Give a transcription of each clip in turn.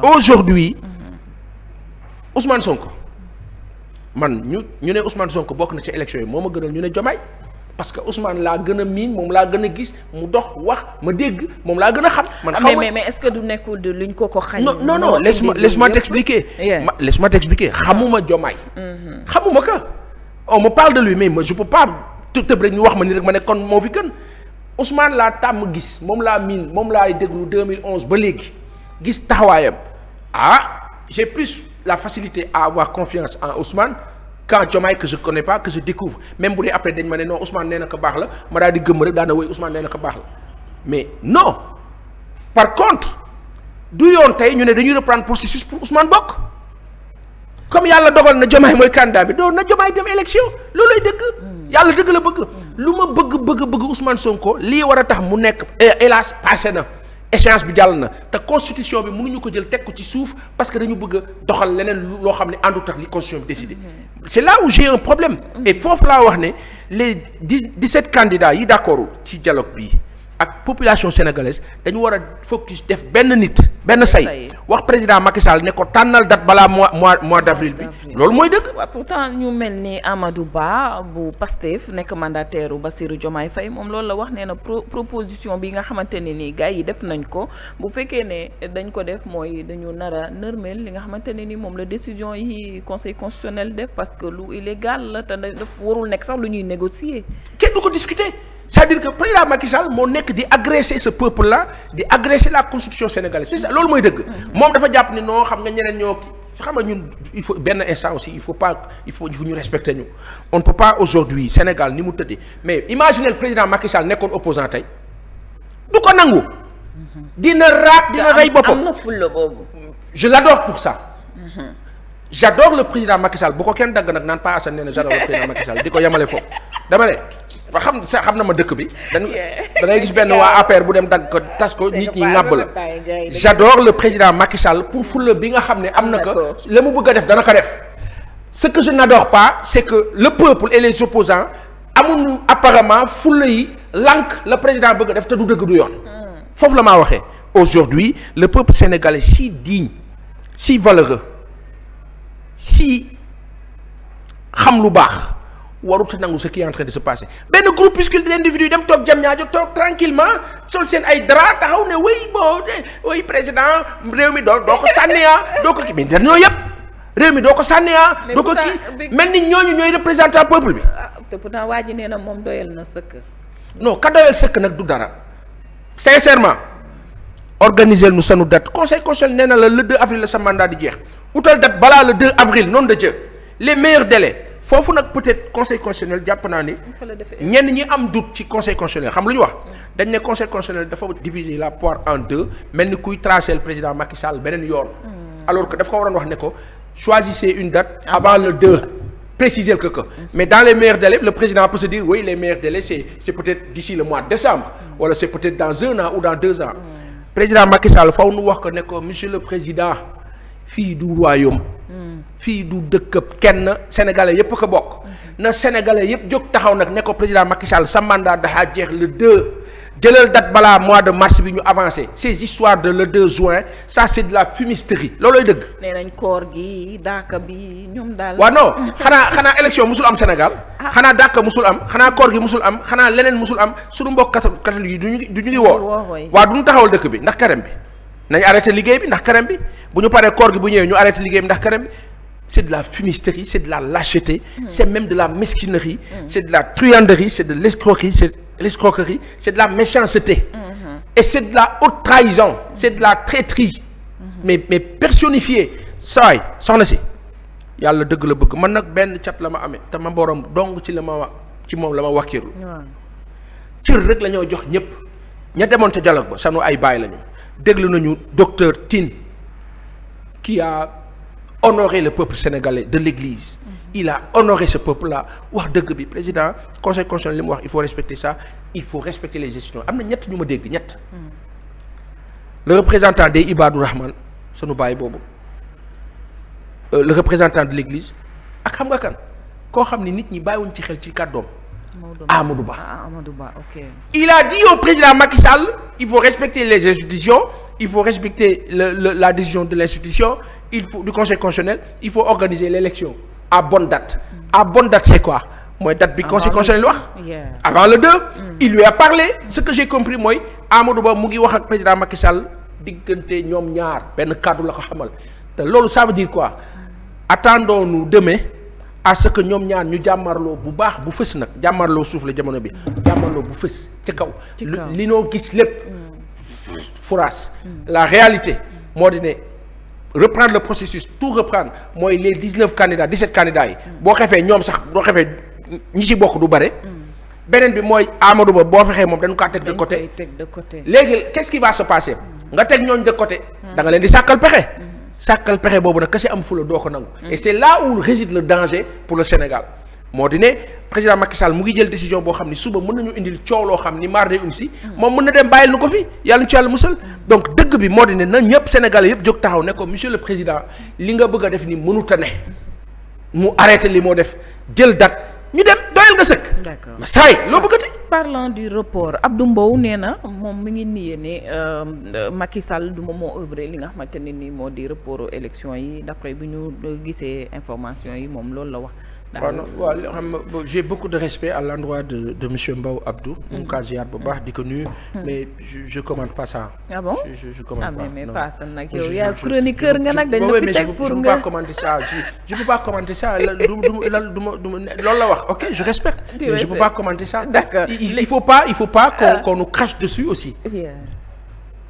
aujourd'hui son ko man ñu ñu ne Ousmane ko bokk na ci élection yi moo ma gënal ñu ne Jomaay parce que Ousmane laa gën a miin moom laa gën a gis mu dox wax ma dégg moom laa gën a xam. man ah, xaw mais mais est-ce que du nekkul de luñ ko ko xañ. non non non laisse ma laisse ma t'expliquer. ma laisse ma t'expliquer xamuma Jomaay. Mm-hmm. xamuma ko on me parle de lui mais je peux pas tëb rek ñu wax ma ni ma ne kon moo fi gën Ousmane laa tàmm gis moom laa miin moom laay déglu 2011 ba léegi. gis taxawaayam ah j'ai plus la facilité à avoir confiance en Ousmane qu'en Diomaye que je connais pas que je découvre même bu dee après dañ ma ne non Ousmane nee na ko baax la ma daal di gëm rek daana woy Ousmane nee ko baax la mais non par contre du yoon tey ñu ne dañuy reprendre processus pour Ousmane bokk comme yàlla dogal na Diomaye mooy candidat bi doon na Diomaye dem élection loolay dëgg yàlla dëgg la bëgg lu ma bëgg bëgg bëgg Ousmane Sonko lii war a tax mu nekk eh, hélas passé na échange bi jàll na te constitution bi mënuñu ko jël teg ko ci suuf parce que dañu bëgg a doxal leneen loo xam ne àndut ak li constitution bi décidé mm-hmm. c' est là où j'ai un problème mm-hmm. et foofu laa wax ne le dix dix sept candidats yi d' accord ci dialogue bi ak population sénégalaise dañu war a focus def benn nit benn say wax président Macky ne ko tànnal date balaa mois mois mois d' avril bi loolu mooy dëgg. waaw pourtant ñu mel ni Amadou Ba bu Pastef nekk mandataire Bassirou Diomaye Faye moom loolu la wax nee na pro proposition bi nga xamante ne nii gars yi def nañ ko bu fekkee ne dañ ko def mooy dañu nar a li nga xamante ne ni moom la décision yi conseil constitutionnel def parce que lu illégal la te daf warul nekk sax lu ñuy négocier. kenn du ko discuter. c'est-à-dire que président Macky Sall moo nekk di agresser ce peuple là di agresser la constitution sénégalaise c'est ça loolu mooy dëgg. moom dafa jàpp ni noo xam nga ñeneen ñoo xam nga ñun il faut benn instant aussi il faut pas il faut ñu respecter ñu on ne peut pas aujourd'hui Sénégal ni mu tëddee mais imaginez le président Macky Sall nekkoon opposant tey du ko nangu. Mm-hmm. dina raak dina rey boppam je l'adore pour ça. Mm-hmm. j'adore le président Macky Sall bu ko kenn dagg nag naan pas Assane nee na j'adore le président Macky Sall di ko yemale foofu dama ne ba xam sa xam na ma dëkk bi dañ da ngay gis benn waa APR bu dem dagg ko tas ko nit ñi ŋàbb la j'adore le président Macky pour fulla bi nga xam ne am na ko la mu bëgg a def dana ko def ce que je n'adore pas c'est que le peuple et les opposants amuñu apparemment fulla yi lànk la président bëgg def te du dëgg du yoon hmm. foofu la maa waxee aujourd'hui le peuple sénégalais si si valeureux si xam lu baax warut nangu ce qui est en train de se passer benn groupuscule d'individus dem toog jam ñaajo toog tranquillement sol seen ay drap taxaw ne way boo way président réew mi doo doo ko sànni ah doo ko kii mi doo ko sànni ah doo ko kii mel ni ñooñu ñooy représentant peuple bi ah, te pourtant waa ji nee moom doyal na sëkk non ka doyal sëkk nag du dara sincèrement organiser nu sanu date conseil constitutionnel nee la le 2 avril la sa mandat di jeex utal date balaa le 2 avril noonu de Dieu les meilleurs délais foofu nag peut-être conseil constitutionnel jàpp naa ni ñenn ñi am doute ci conseil constitutionnel xam lu ñu wax dañ ne conseil constitutionnel dafa diviser la poire en deux mel ni kuy tracer le président Macky Sall beneen yoon. Hmm. alors que daf ko waroon wax ne ko choisissez une date avant le 2. préciser que que hmm. mais dans les meilleurs délais le président peut se dire oui les meilleurs de décembre hmm. c'est peut-être wax ko ne ko monsieur président. fii du royaume hmm. fii du dëkkab kenn sénégalais yépp ko bokk hmm. na sénégalais yépp jóg taxaw nag ne ko président Macky Sall sa mandat daxaa jeex le 2 jëlal date balaa mois de mars bi ñu avancé ces histoires de le 2 juin ça c'est de la fumisterie loolooy dëgg. nee nañ koor gi daaka bi ñoom daal. waaw non xanaa xanaa élection mosul am Sénégal. Ah. xanaa daaka musul am xanaa koor gi musul am xanaa leneen musul am suñu mbokk catholique yi du ñu du ñu ngi woor. waaw du ñu taxawal dëkk bi ndax karem bi. nañ arrêté liggéey bi ndax këram bi bu ñu paree koor gi bu ñëwee ñu arrêté liggéey bi ndax këram bi c'est de la fumisterie c'est de la lâcheté hmm. c'est même de la mesquinerie hmm. c'est de la truanderie c'est de l'escroquerie c'est de l'escroquerie c'est de la méchanceté hmm. et c'est de la haute trahison c'est de la traîtrise mais mais personnifiée saay soxna si yàlla dëgg la bëgg man nag benn cat la ma amee te ma borom dong ci la ma wa ci moom la ma wàkkiirlu cër rek la ñoo jox ñëpp ña demoon ca dialogue sanu ay baay lañu déglu nañu docteur Tine qui a honoré la peuple sénégalais de l'église mm-hmm. il a honoré sa peuple la wax dëgg bi président conseil constitutionnel li mu wax il faut respecter ça il faut respecter les gestions am na ñett ñu ma dégg ñett mm-hmm. le représentant des Ibadou Rahman sunu baay boobu euh, la représentant de l'église ak xam nga kan koo xam ni nit ñi bàyyiwuñ ci xel ci kàddoom Amadou Ba. Ah, Amadou Ba ok. il a dit au président Macky Sall il faut respecter les institutions il faut respecter le, le, la décision de l'institution il faut du conseil constitutionnel il faut organiser l'élection à bonne date. à bonne date c'est quoi. mooy date bi conseil constitutionnel wax avant le 2 mm. il lui a parlé ce que j'ai compris mooy Amadou Ba mu ngi wax ak président Macky Sall diggante ñoom ñaar benn kàddu la ko xamal te loolu sa veut dire quoi attendons-nous demain à ce que ñoom ñaan ñu jàmmarloo bu baax bu fës nag jàmmarloo suuf la jamono bi jàmmarloo bu fës ci kaw li noo gis lépp mm. furaas mm. la réalité moo di ne reprendre le processus tout reprendre mooy les dix neuf candidats dix sept candidats yi mm. boo xefee ñoom sax boo xefee ñi ci bokk du bare beneen bi mooy Amadou Ba boo fexee moom dañu kaa teg de côté léegi qu'est-ce qui va se passer nga teg ñooñ de coté da nga leen di sàkkal pexe sàkkal pexe boobu nag kese am fula doo ko nangu. Mm. et c'est là où réside le danger pour le Sénégal. moo di ne président Macky Sall mu ngi jël décision boo xam ni suba mën nañu indil coow loo xam ni maar day um si mm. moom mën na dem bàyyil nu ko fi yàlla ñu ci yàlla musal donc dëgg bi moo di ne na ñëpp Sénégalais yëpp jóg taxaw ne ko monsieur le président li nga bëgg a def ni mënut a ne mu arrêté li moo def jël dat ñu dem. doyal nga sëkk. d'accord ma saay loo bëggati. parlant du report Abdou Mbow nee na moom mi ngi niiyee ne euh, Macky Sall du moom moo œuvré li nga xamante ne nii moo di report élection yi d'après bi ñu gisee information yi moom loolu la wax. waaw non waaw xam nga j'ai beaucoup de respect à l'endroit de monsieur Mbaw Abdou. mu mm-hmm. kasiyaat bu baax di ko nuyu. Mm-hmm. mais je je commande pas ça. ah bon je je commande ah, pas mais pas ça nag yow yaa chroniqueur nga nag dañ la fi pour nga je peux peux pas commenter ça du lan ma du ma loolu la wax ok je respecte. mais je peux pas commenter ça. d'accord il faut pas il faut pas qu'on ah. nous crache dessus aussi.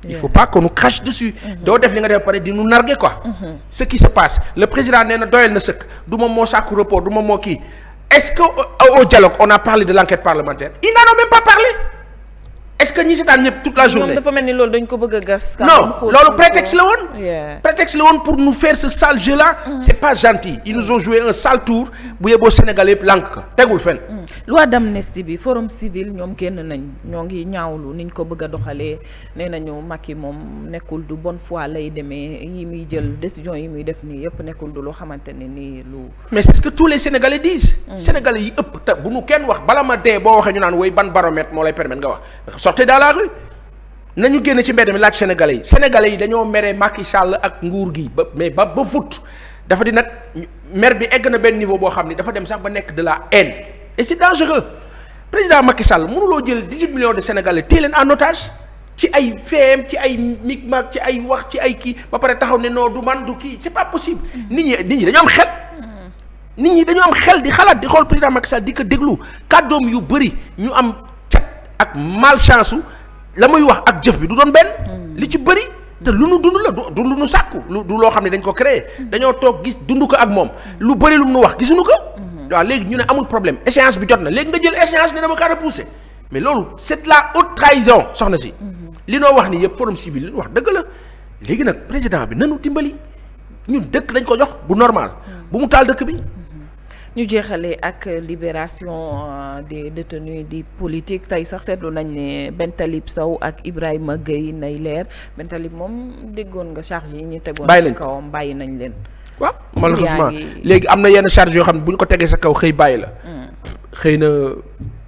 il faut pas qu'on nous crache dessus. Mm-hmm. doo def li nga def pare di nu narguer quoi. Mm-hmm. ce qui se passe le président nee na doyal na sëkk du ma moo sàkku report du ma moo kii est-ce que au dialogue on a parlé de l'enquête parlementaire il n'en a même pas parlé. est-ce que ñi seetaan ñëpp toute la journée. dafa mel ni loolu dañ ko bëgg a gas. non loolu prétexte la woon. prétexte la woon pour nous faire ce sale jeu là. Mm. c'est pas gentil ils nous ont joué un sale tour bu yeboo Sénégal yëpp lànk ko tegul fenn. Mm. loi d'amnistie bi forum civil ñoom génn nañ ñoo ngi ñaawlu niñ ko bëgg a doxalee nee nañu Macky moom nekkul du bonne foi lay demee yi muy jël mm. décision yi muy def nii yëpp nekkul du loo xamante ne nii lu. mais c'est ce que tous les Sénégalais disent. Sénégalais yi ëpp te bu nu kenn wax bala ma dee boo waxee ñu naan woy ban baromètre moo lay permettre nga wax. te dans na ñu génn ci mbedd mi laaj sénégalais yi sénégalais yi dañoo mere Macky Sall ak nguur gi ba mais ba ba fut dafa di nag mer bi egg na benn niveau boo xam ni dafa dem sax ba nekk de la haine et c'est dangereux président Macky Sall mënuloo jël dix-huit millions de sénégalais téye leen en otage ci ay feem ci ay micmac ci ay wax ci ay kii ba pare taxaw ne noo du man du kii c'est pas possible. Mm-hmm. nit ñi nit ñi dañoo am xel. Mm-hmm. nit ñi dañoo am xel di xalaat di xool président Macky Sall di ko déglu kàddoom yu bëri ñu am. ak malchance la muy wax ak jëf bi du doon benn. Hmm. li ci bëri te lu nu dund la du lu nu sàkku lu du loo xam ne dañ ko créé. Hmm. dañoo toog gis dund ko ak moom hmm. lu bëri lu mu nu wax gisuñu ko. waaw léegi ñu ne amul problème échéance bi jot na léegi nga jël échéance ne dama kaa repoussé mais loolu c'est la haute trahison soxna si. li noo wax ni yëpp forum civil li ñu wax dëgg la léegi nag président bi nanu timbali ñun dëkk dañ ko jox bu normal bu mu taal dëkk bi. ñu jeexalee ak libération euh, de détenus di politique tey sax seetlu nañ ne Bentalib Sow ak Ibrahima Gueye nay leer Bentalib moom déggoon nga charge yi ñu tegoon ci kawam bàyyi nañ leen waaw malheureusement léegi am na yenn charge yoo xam ne bu ñu ko tegee sa kaw xëy bàyyi la hmm. xëy na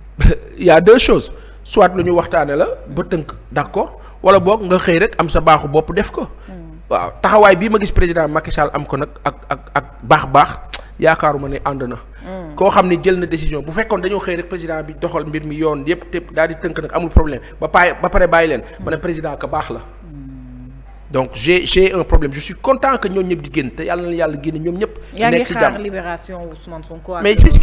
y a deux choses soit lu ñu waxtaane la ba tënk d'accord wala boog nga xëy rek am sa baaxu bopp def ko hmm. waaw taxawaay bii ma gis président Macky am ko nag ak ak ak baax baax yaakaaruma ne ànd na. Hmm. koo xam ne jël na décision bu fekkoon dañoo xëy rek président bi doxal mbir mi yoon yépp te daal di tënk nag amul problème ba paay ba pare bàyyi leen. ma hmm. président ka baax la. Hmm. donc j'ai j'ai un problème je suis content que ñoom ñëpp di génn te yàlla na yàlla génn ñoom ñëpp. nekk ci jàmm yaa ngi xaar libération Ousmane Sonko. mais c'est ce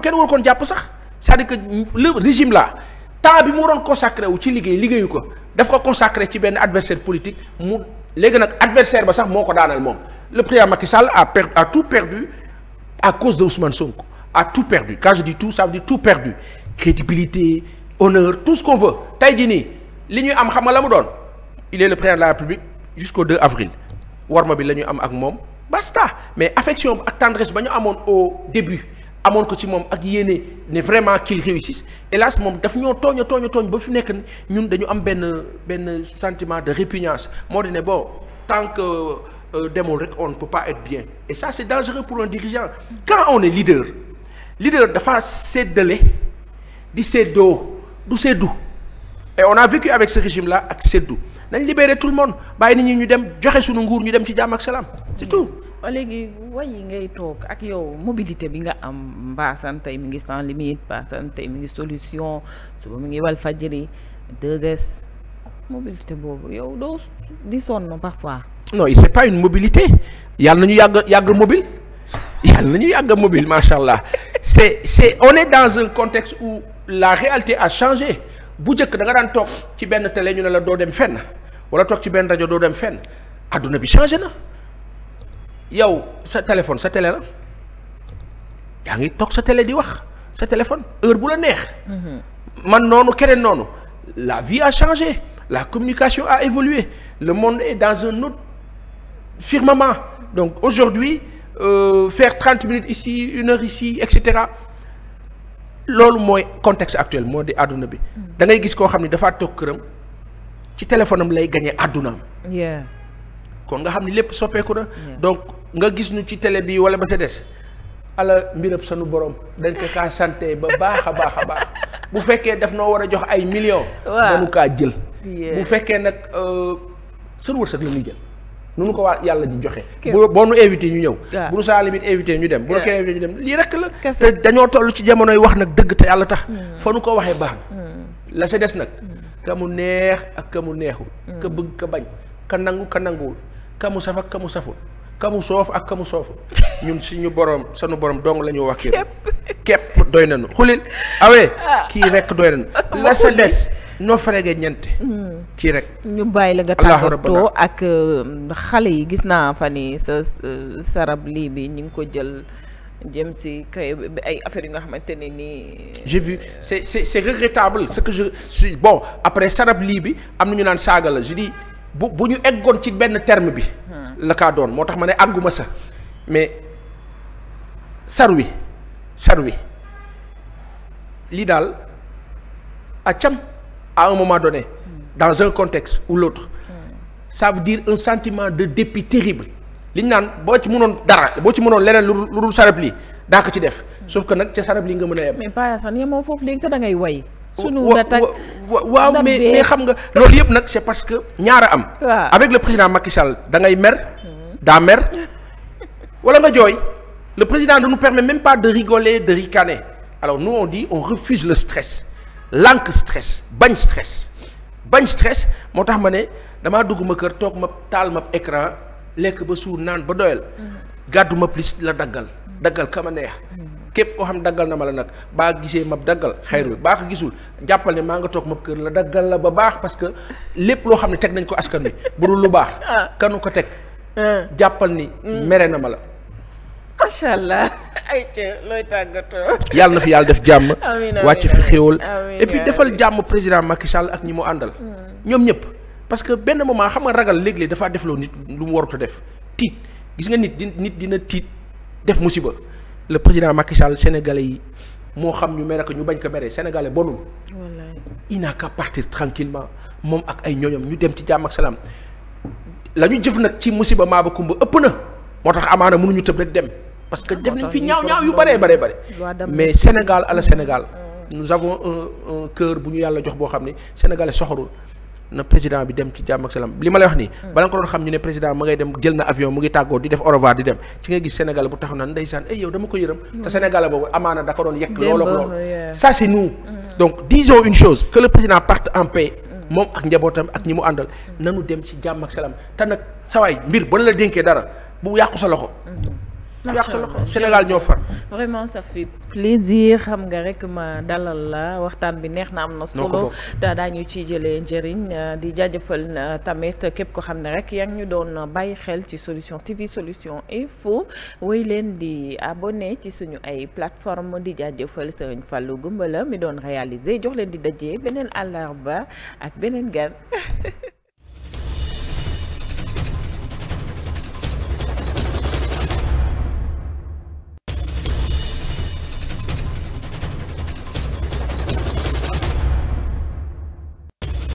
kenn waru koon jàpp sax c'est-à-dire que le régime là temps bi mu waroon consacré wu ci liggéey liggéeyu ko daf ko consacré ci benn adversaire politique mu léegi nag adversaire ba sax moo ko daanal moom le président Macky Sall a per a tout perdu à cause de Ousmane Sonko a tout perdu quand je dis tout ça veut dire tout perdu crédibilité honneur tout ce qu'on veut tey jii nii li ñuy am xam la mu doon il est le président la République jusqu'au 2 avril ma bi la ñu am ak moom basta mais affection ak tendresse ba ñu amoon au début amoon ko ci moom ak yéene ne vraiment qu'il réussisse hélas moom daf ñoo tooñ tooña tooñ ba fu nekk ñun dañu am benn benn sentiment de répugnance moo di ne bon tant que Euh, demul rek on ne peut pas être bien et ça c'est dangereux pour un dirigeant quand on est leader leader dafa séddale di seddoo du séddu et on a vécu avec ce régime là ak séddu nañ libérer tout le monde bàyyi nit ñi ñu dem joxe suñu nguur ñu dem ci jàmm ak salaam c'est tout léegi way yi ngay toog ak yow mobilité bi nga am mbaasan tey mi ngi sans limite mbaasan tey mi ngi solution suba mi ngi wal fajiri 2S mobilité boobu yow doo di sonn parfois non c'est pas une mobilité yàlla na ñu yàgg yàgg mobile yàlla na ñu yàgg mobile macha allah c'est c'est on est dans un contexte où la réalité a changé bu njëkk danga daan toog ci benn télé ñu ne la doo dem fenn wala toog ci benn rajo doo dem fen adduna bi changé na yow sa téléphone sa télé la yaa ngi toog sa télé di wax sa téléphone heure bu la neex. Mm-hmm. man noonu kereen noonu la vie a changé la communication a évolué le monde et dans un autre. firmament donc aujourd'hui euh, faire trente minutes ici une heure ici et cetera loolu mooy contexte actuel moo di àdduna bi hmm. dangay gis koo xam ne dafaa toog këram ci téléphone am lay gagné àddunaam kon nga xam ne lépp soppeeku na donc nga gis ñu ci télé bi wala ba sa des ala mbirab sunu borom dañ ko kaa sante ba baax a baax a baax bu fekkee daf noo war a jox ay millions dañu kaa jël bu fekkee nag euh, seen wërsëg la ñuy nu nu ko waa yàlla di joxe boo nu invité ñu ñëw ah. bu nu saa limite invité ñu dem bu la ah. ko invité ñu dem lii rek la te dañoo tollu ci jamonoy wax nag dëgg te yàlla tax hmm. fa nu ko waxee baax na hmm. la sa des nag hmm. ka mu neex ak ka mu neexul ka bëgg ka bañ ka nangu ka nanguwul ka mu saf ka mu saful kamu soof ak kamu soofu ñun suñu borom sunu borom dong la ñu wàkkir képp doy nañu xulil awee ah. kii rekk doy nañu la sa des noo fareegee ñeent. Mm. kii rek. ñu bàyyi la nga tàggatoo ak um, xale yi gis naa fa ni sa sarab lii bi ñu ngi ko jël jëm si kay ay affaires yu nga xamante ne nii. Euh, j'ai vu c'est c'est c'est regrettable ce que je bon après sarab lii bi am na ñu naan saaga la je bu bu ñu eggoon ci benn terme bi. Hmm. la kaa doon moo tax ma ne àgguma sax mais sar wi sar wi lii daal acam à un moment donné dans un contexte ou l'autre ça veut dire un sentiment de dépit terrible li ñu naan boo ci mënoon dara boo ci mënoon leneen lu lu dul sarab lii daa ko ci def sauf que nag ca sarab lii nga mën a yem. mais Paa Assane moom foofu léegi te da ngay way. sunu waaw mais mais xam nga loolu yëpp nag c'est parce que ñaar a am. avec le président Macky Sall da ngay mer. daa mer wala nga jooy le président ne nous permet même pas de rigoler de ricaner alors nous on on refuse le stress. lànk stress bañ stress bañ stress moo tax ma ne damaa dugg ma kër toog ma taal ma ecran lekk ba suur naan ba doyal mm-hmm. gàddu ma plis la daggal mm-hmm. daggal ka mm-hmm. képp koo xam daggal na ma la nag baa gisee mab daggal xayru baa ko gisul jàppal ne maa nga toog mab kër la daggal la ba baax parce que lépp loo xam ne teg nañ ko askan wi bu dul lu baax ah. kanu ko teg ah. jàppal ni mm. mere na ma la macha allah ay ca looy yàlla na fi yàlla def jàmm. wàcc fi xéewal et defal jàmm président Macky Sall ak ñi mu àndal. Hmm. ñoom ñëpp parce que benn moment xam nga ragal léeg dafaa defloo nit lu mu warut def tiit gis nga nit di nit dina tiit def musiba le président Macky Sall sénégalais yi moo xam ñu mere ko ñu bañ ko mere sénégalais bonul. wallaay il n'a qu'à moom ak ay ñooñam ñu dem ci jàmm ak salaam la ñu jëf nag ci musiba maa ba kumba ëpp na moo tax amaana mënuñu tëb rek dem. parce que ah, def nañ fi ñaaw ñaaw yu bëree bare bëri mais Sénégal à la ah. Sénégal nous avons un bu ñu yàlla jox boo xam ne sénégalais soxorul na président bi dem ci jàmm ak salaam li ma lay wax nii ah. bala xam ñu ne président ma ngay dem jël na avion mu ngi tàggoo di def au revoir di dem ci nga bu taxaw naan ndeysaan ay eh, yow dama ko yërëm mm. te sénégalais boobu amaana da ko doon yekk loolu ak loolu ça c'est nous mm. donc disons une chose que président parte en paix mm. moom ak njabootam ak ñi mu àndal nanu dem ci jàmm ak salaam te nag sawaay mbir ba la dénkee dara bu yàqu sa loxo Sénégal ñoo far vraiment ça fait plaisir xam nga rek ma dalal la waxtaan bi neex na am na solo te daañu ci jëlee njëriñ euh, di jaajëfal euh, tamit képp ko xam ne rek yaa ngi ñu doon bàyyi xel ci solution TV solution info wéy leen di abonné ci suñu ay plateforme di jaajëfal Serigne Fallou Goumbala mi doon réalisé jox leen di dajee beneen àllarba ak beneen gan